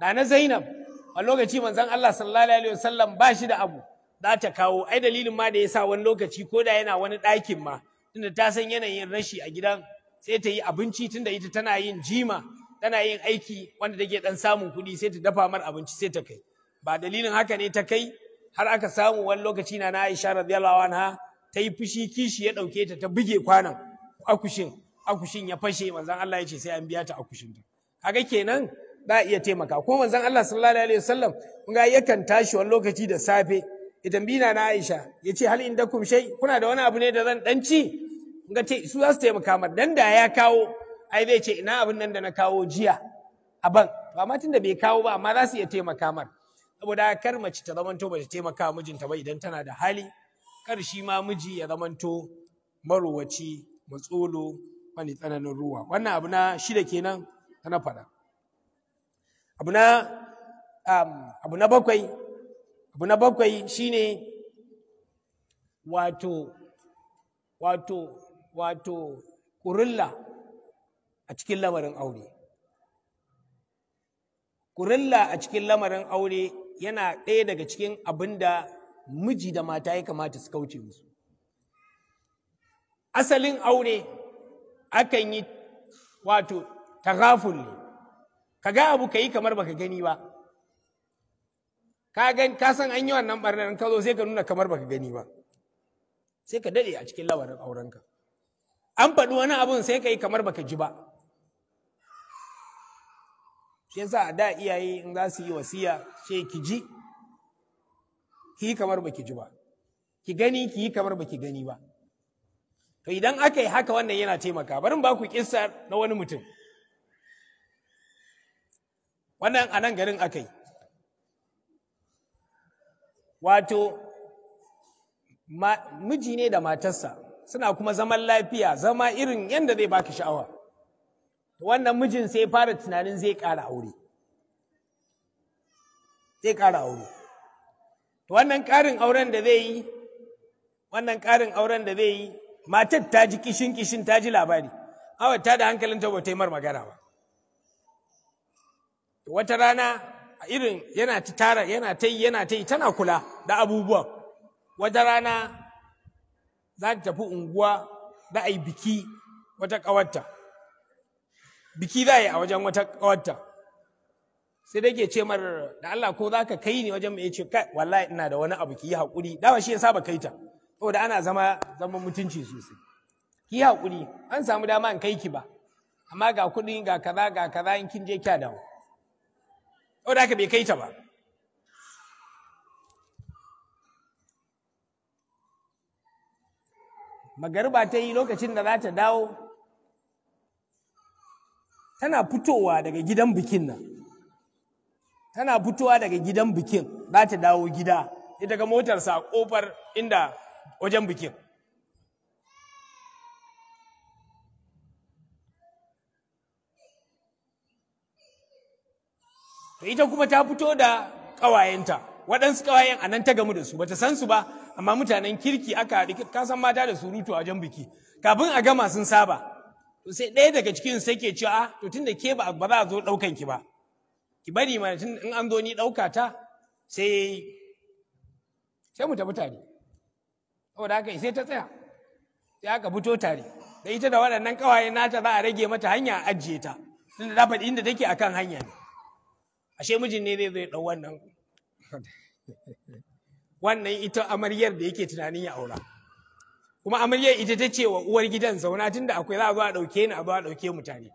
S1: Nana Zainab a lokaci manzon Allah sallallahu alaihi wasallam ba shi da abu za ta kawo ai dalilin ma da yasa wani lokaci ko da yana wani ɗakin ma tunda ta san yanayin rashi a gidan sai ta yi abinci tunda ita tana yin jima tana yin aiki wanda take ɗan samun kuɗi sai ta dafa mar abinci sai ta kai ba dalilin haka ne ta kai har aka samu wani lokaci na Aisha radiyallahu anha ta yi fushi kishi ya dauke ta ta buge kwanan akushin akushin ya fashe manzon Allah ya ce sai an biya ta akushin ta kaga kenan za iya taimaka ko manzon Allah sallallahu alaihi wasallam ga yakan tashi wani lokaci da safe idan bina na Aisha yace hal indakum shay kuna da wani abu ne da zan dan ci ga ce su za su taimaka ma dan da ya kawo ai zai ce ina abin nan da na kawo jiya a ban ba ma da bai kawo ba amma za su iya taimaka mar saboda kar mace ta zamanto ba ta taimaka mijinta ba idan tana da hali kar shi ma miji ya zamanto marowaci matsolo wani tsananin ruwa wannan abu na shida kenan na faɗa abu na um, abu na bakwai abu na bakwai shine wato wato wato ƙurilla a cikin lamarin aure ƙurilla a cikin lamarin aure yana ɗaya daga cikin abin da miji da mata ya kamata su kauce musu asalin aure akan yi wato tagaful ne ka ga abu ka yi kamar baka gani ba ka san an yi wannan barnar ka zo sai ka nuna kamar baka gani ba sai ka daɗe a cikin labarin aurenka an faɗi wani abun sai ka yi kamar baka ji ba shi yasa a da iyaye in za su yi wasiya ce ki ji ki yi kamar baki ji ba ki gani ki yi kamar baki gani ba to idan aka yi haka wannan yana taimaka barin ba ku kissa na wani mutum wannan a nan garin aka yi wato miji ne da matarsa suna kuma zaman lafiya zama irin yadda zai baki sha'awa wannan mijin sai fara tunanin zai ƙara aure zai ƙara aure wannan ƙarin auren da zai yi wannan ƙarin auren da zai yi matar ta ji kishin kishin ta ji labari awa ta da ta ba ta yi mar magana ba wata rana a irin yana ta tara yana ta yi yana ta yi tana kula da abubuwa wata rana za ta tafi unguwa da a yi biki wata ƙawarta biki za yi a wajen wata kawarta sai da ke ce mar da Allah ko za ka kai ni wajen mai ce kai wallahi ina da wani abu ki yi haƙuri dama shi ya saba kai ta saboda ana zama zaman mutunci sosai ki yi haƙuri an samu dama in kai ki ba amma ga kuɗi ga kaza ga kaza in kin je kya dawo saboda haka bai kai ta ba magariba ta yi lokacin da za ta dawo tana fitowa daga gidan bikin nan tana fitowa daga gidan bikin za ta dawo gida ita ga motarsa a kofar inda wajen bikin to ita kuma ta fito da ƙawayenta waɗansu ƙawayen a nan ta gamu da su ba ta san su ba amma mutanen kirki aka haɗu ka san mata da surutu a wajen biki kafin a gama sun saba to sai ɗaya daga cikin sai ke cewa ah, to tunda ke ba ba za a zo ɗaukan ki ba ki bari ma tun in an zo ni ɗauka ta sai sai mu tafi tare saboda haka sai ta tsaya sai aka fito tare da ita da waɗannan ƙawaye nata za a rage mata hanya a ajiye ta tunda da faɗi inda take akan hanya ne ashe mijin ne zai zo ya ɗau wannan wannan ita amaryar da yake tunanin ya aura kuma amarya ita ta ce wa uwar gidan zauna tun da akwai za a a ɗauke ni a ba a ɗauke mu tare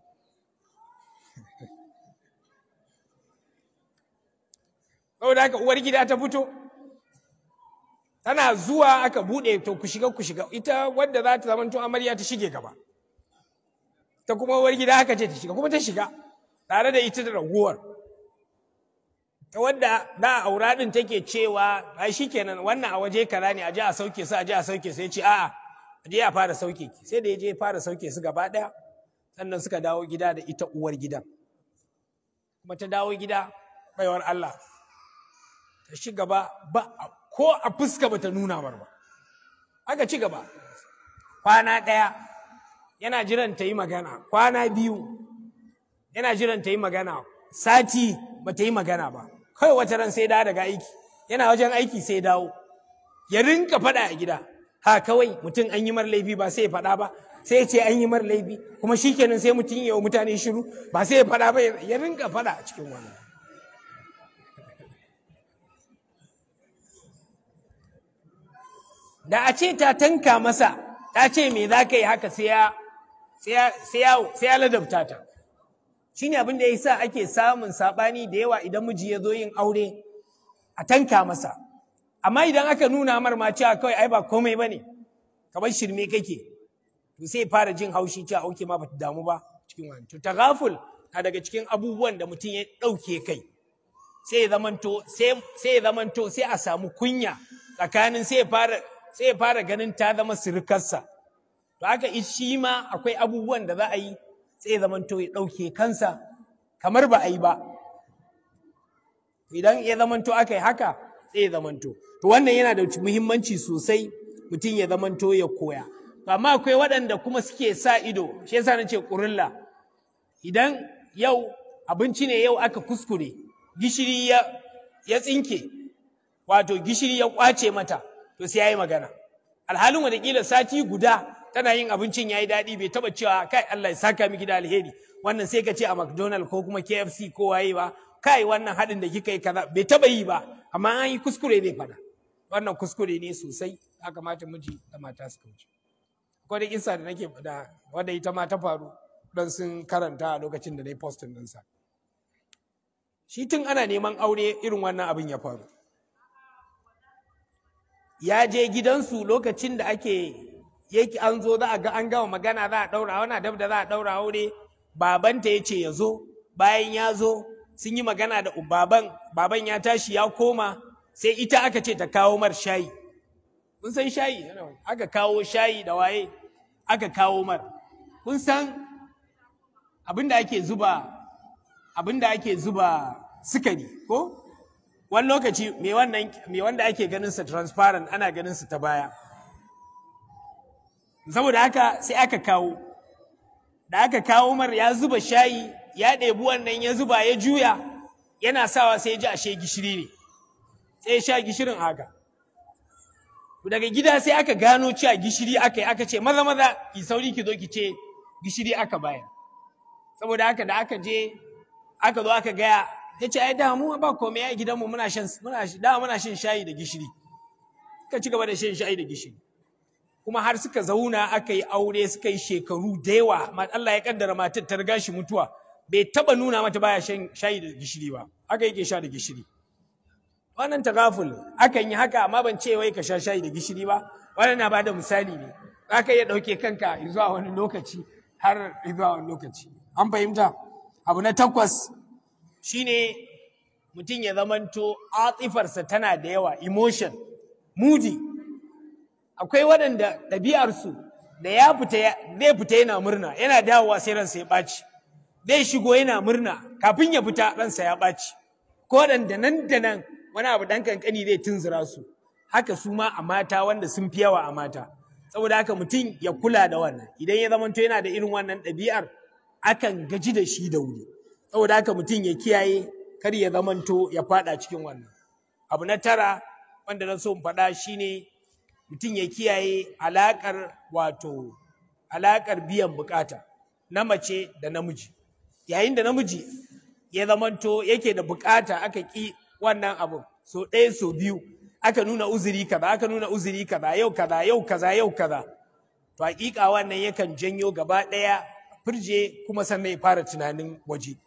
S1: saboda haka uwar gida ta fito tana zuwa aka buɗe to ku shiga ku shiga ita wadda za ta tun amarya ta shige gaba ta kuma uwar gida aka ce ta shiga kuma ta shiga tare da ita da raguwar wadda da aura take cewa ai kenan," wannan a waje kaza ne a je a sauke su a je a sauke su ya ce a'a a je a fara sauke ki sai da ya je fara sauke su gaba ɗaya sannan suka dawo gida da ita uwar gidan kuma ta dawo gida baiwar Allah ta shi gaba ba ko a fuska bata nuna bar ba aka ci gaba kwana ɗaya yana jiran ta yi magana kwana biyu yana jiran ta yi magana sati ba ta yi magana ba kawai wata ran sai da daga aiki yana wajen aiki sai dawo ya rinka faɗa a gida ha kawai mutum an yi mar laifi ba sai ya faɗa ba sai ya ce an yi mar laifi kuma shikenan sai mutum ya mutane shiru ba sai ya faɗa ba ya rinka faɗa a cikin wannan da a ce ta tanka masa ta ce me za ka yi haka sai ya ladabta ta ne abin da ya sa ake samun saɓani da yawa idan miji ya zo yin aure a tanka masa amma idan aka nuna mar ma cewa kawai ai ba komai ba Ka kamar shirme kake to sai fara jin haushi cewa auke ma bata damu ba cikin wani to gaful na daga cikin abubuwan da mutum ya ɗauke kai sai ya zamanto sai a samu kunya tsakanin sai fara sai fara ganin ta zama sirikarsa to haka shi ma akwai abubuwan da za a yi sai zamanto ya ɗauke kansa kamar ba a yi ba idan ya zamanto aka yi haka sai ya zamanto to wannan yana da muhimmanci sosai mutum ya zamanto ya koya amma akwai waɗanda kuma suke sa ido shi yasa ce kurilla idan yau abinci ne yau aka kuskure gishiri ya tsinke wato gishiri ya kwace mata to sai ya yi magana alhalin wadakila sati guda tana yin abincin ya yi daɗi bai taba cewa kai Allah ya saka miki da alheri wannan sai ka ce a McDonald ko kuma KFC ko waye ba kai wannan haɗin da kika yi kaza bai taba yi ba amma an yi kuskure ne fa wannan kuskure ne sosai ya kamata miji da mata su kauce akwai da insa da nake da wanda ita ma ta faru don sun karanta a lokacin da na yi postin ɗinsa shi tun ana neman aure irin wannan abin ya faru ya je gidansu lokacin da ake yake an zo za a ga an gama magana za a ɗaura wani dab da za a ɗaura aure babanta ya ce ya zo bayan ya zo sun yi magana da baban baban ya tashi ya koma sai ita aka ce ta kawo mar shayi kun san shayi aka kawo shayi da waye aka kawo mar kun san abinda ake zuba abinda ake zuba sukari ko wani lokaci me wanda ake ganin sa transparent ana ganin sa ta baya saboda haka sai aka kawo da aka kawo Umar ya zuba shayi ya ɗebi wannan ya zuba ya juya yana sawa sai ya ji ashe gishiri ne sai ya sha gishirin haka daga gida sai aka gano cewa gishiri aka yi aka ce maza maza ki sauri ki zo ki ce gishiri aka bayar saboda haka da aka je aka zo aka gaya ta ce ai da mu ba komai a gidanmu muna shan muna shan shayi da gishiri ka ci gaba da shan shayi da gishiri kuma har suka zauna aka yi aure suka yi shekaru da yawa Allah ya kaddara matar ta riga shi mutuwa bai taba nuna mata baya shan shayi da gishiri ba Aka yi ke sha da gishiri wannan tagaful akan yi haka amma ban ce wai ka sha shayi da gishiri ba wannan na bada misali ne ka iya dauke kanka zuwa wani lokaci har zuwa wani lokaci an fahimta abu na takwas shine mutum ya zamanto atifarsa tana da yawa emotion moody akwai waɗanda ɗabi'arsu da ya fita zai fita yana murna yana dawowa sai ransa ya ɓaci zai shigo yana murna kafin ya fita ransa ya ɓaci ko waɗanda nan da nan wani abu ɗan kankani zai tunzura su haka su ma a mata wanda sun fi yawa a mata saboda haka mutum ya kula da wannan idan ya zamanto yana da irin wannan ɗabi'ar akan gaji da shi da wuri saboda haka mutum ya kiyaye kar ya zamanto ya faɗa cikin wannan abu na tara wanda na so in faɗa shine mutum ya kiyaye alaƙar wato alaƙar biyan bukata na mace da namiji yayin da namiji ya zamanto yake da bukata aka ƙi wannan abu so ɗaya so biyu aka nuna uzuri kaza aka nuna uzuri kaza yau kaza yau kaza yau kaza to hakika wannan yakan janyo gaba ɗaya firje kuma sannan ya fara tunanin waje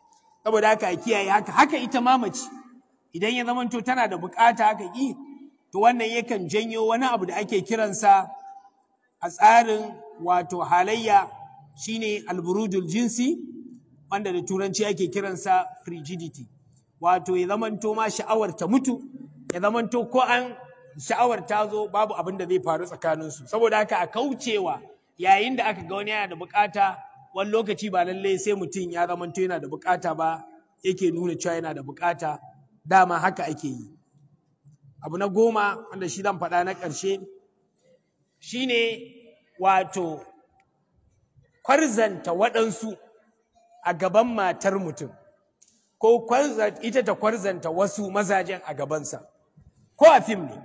S1: saboda haka kiyaye haka haka ita mamaci idan ya zamanto tana da bukata haka ƙi to wannan yakan janyo wani abu da ake kiransa a tsarin wato halayya shine alburujul jinsi wanda da turanci ake kiransa frigidity wato ya zamanto ma sha'awar ta mutu ya zamanto ko an sha'awar ta zo babu abin da zai faru tsakaninsu saboda haka a kaucewa yayin da aka ga wani yana da bukata wani lokaci ba lallai sai mutum ya zamanto yana da bukata ba yake nuna cewa yana da bukata dama haka ake yi abu na goma wanda shi zan faɗa na ƙarshe shi ne wato kwarzanta waɗansu a gaban matar mutum ko ita ta kwarzanta wasu mazajen a gabansa ko a fim ne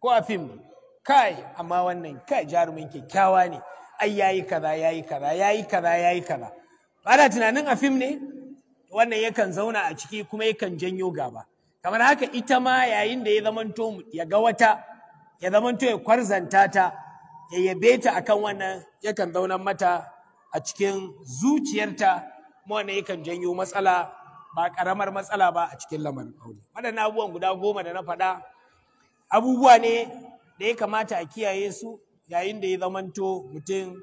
S1: ko a fim ne kai amma wannan kai jarumin kyakkyawa ne ai yayi kaza yayi kaza yayi kaza yayi kaza ana tunanin a fim ne wannan yakan zauna a ciki kuma yakan janyo gaba kamar haka ita ma yayin da ya zamanto ya ga wata ya zamanto ya kwarzanta ta ya yabe ta akan wannan yakan zauna mata a cikin zuciyarta kuma wannan yakan janyo matsala ba karamar matsala ba a cikin lamarin aure waɗannan abubuwan guda goma da na faɗa abubuwa ne da ya kamata a kiyaye su yayin da ya zamanto mutum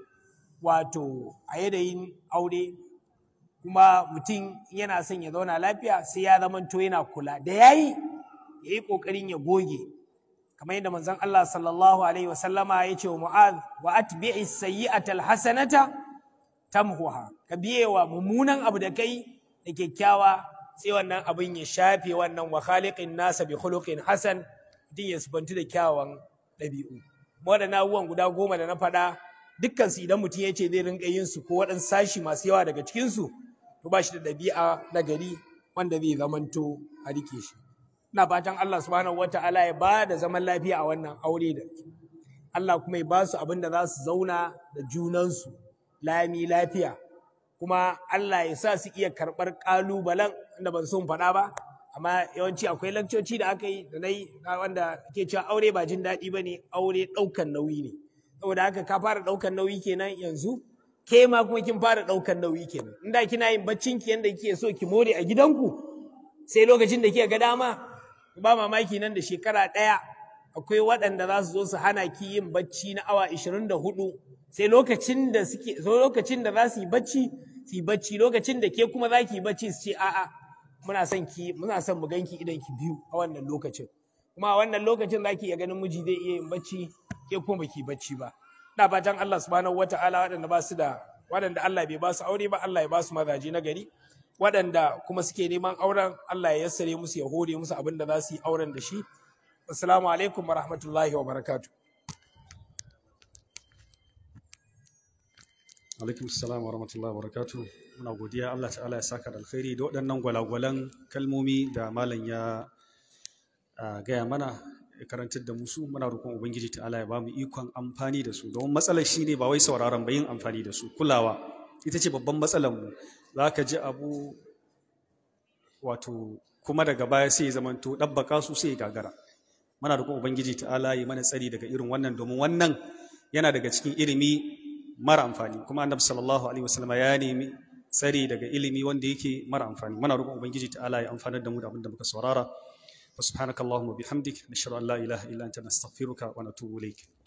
S1: wato a yanayin aure kuma mutum yana son ya zauna lafiya sai ya zama to yana kula da yayi ya yi ƙoƙarin ya goge kamar yadda manzon Allah sallallahu alaihi sallama ya ce wa mu'az wa atbi'i sayyi'ata alhasanata tamhuha ka biye wa mummunan abu da kai da kyakkyawa sai wannan abin ya shafe wannan wa khaliqin nasa bi khuluqin hasan din ya sifantu da kyawawan ɗabi'u waɗannan uwan guda goma da na faɗa dukkan su idan mutum ya ce zai rinka yin su ko waɗansu sashi masu yawa daga cikinsu to ba shi da ɗabi'a na gari wanda zai zamanto a rike shi ina fatan Allah subhanahu wataala ya ba da zaman lafiya a wannan aure da Allah kuma ya ba su abin da za su zauna da junansu lami lafiya kuma Allah ya sa su iya karɓar ƙalubalen da ban sun faɗa ba amma yawanci akwai lakcoci da aka yi da na yi wanda ke cewa aure ba jin daɗi ba ne aure ɗaukan nauyi ne saboda haka ka fara ɗaukan nauyi kenan yanzu ke ma kuma kin fara ɗaukan nauyi kenan in da kina yin baccin ki yanda kike so ki more a gidanku sai lokacin da kike ga dama ba mamaki nan da shekara ɗaya akwai waɗanda za su zo su hana ki yin bacci na awa 24 sai lokacin da suke so lokacin da za su yi bacci su yi bacci lokacin da ke kuma za ki yi bacci su ce a'a muna son ki muna son mu ganki idan ki biyu a wannan lokacin kuma a wannan lokacin za ki iya ganin miji zai iya yin bacci ke kuma ba ki bacci ba ina fatan Allah subhanahu wataala waɗanda ba su da waɗanda Allah bai ba su aure ba Allah ya ba su mazaje na gari waɗanda kuma suke neman auren Allah ya yassare musu ya hore musu abin da za su yi auren da shi assalamu alaikum wa rahmatullahi wa barakatuh alaikum salam wa rahmatullahi wa barakatu. muna godiya Allah ta'ala ya saka da alkhairi da waɗannan gwalagwalan kalmomi da malam ya ah, gaya mana karantar da musu muna roƙon ubangiji ta ya ba mu ikon amfani da su domin matsalar shi ne ba wai sauraron ba yin amfani da su kulawa ita ce babban matsalar mu za ka ji abu wato kuma daga baya sai ya zamanto ɗabbaka su sai ya gagara muna roƙon ubangiji ta ya mana tsari daga irin wannan domin wannan yana daga cikin ilimi mara amfani kuma annabi sallallahu alaihi wasallam ya nemi tsari daga ilimi wanda yake mara amfani muna roƙon ubangiji ta ya amfanar da mu da abin da muka saurara وسبحانك اللهم وبحمدك نشهد أن لا إله إلا أنت نستغفرك ونتوب إليك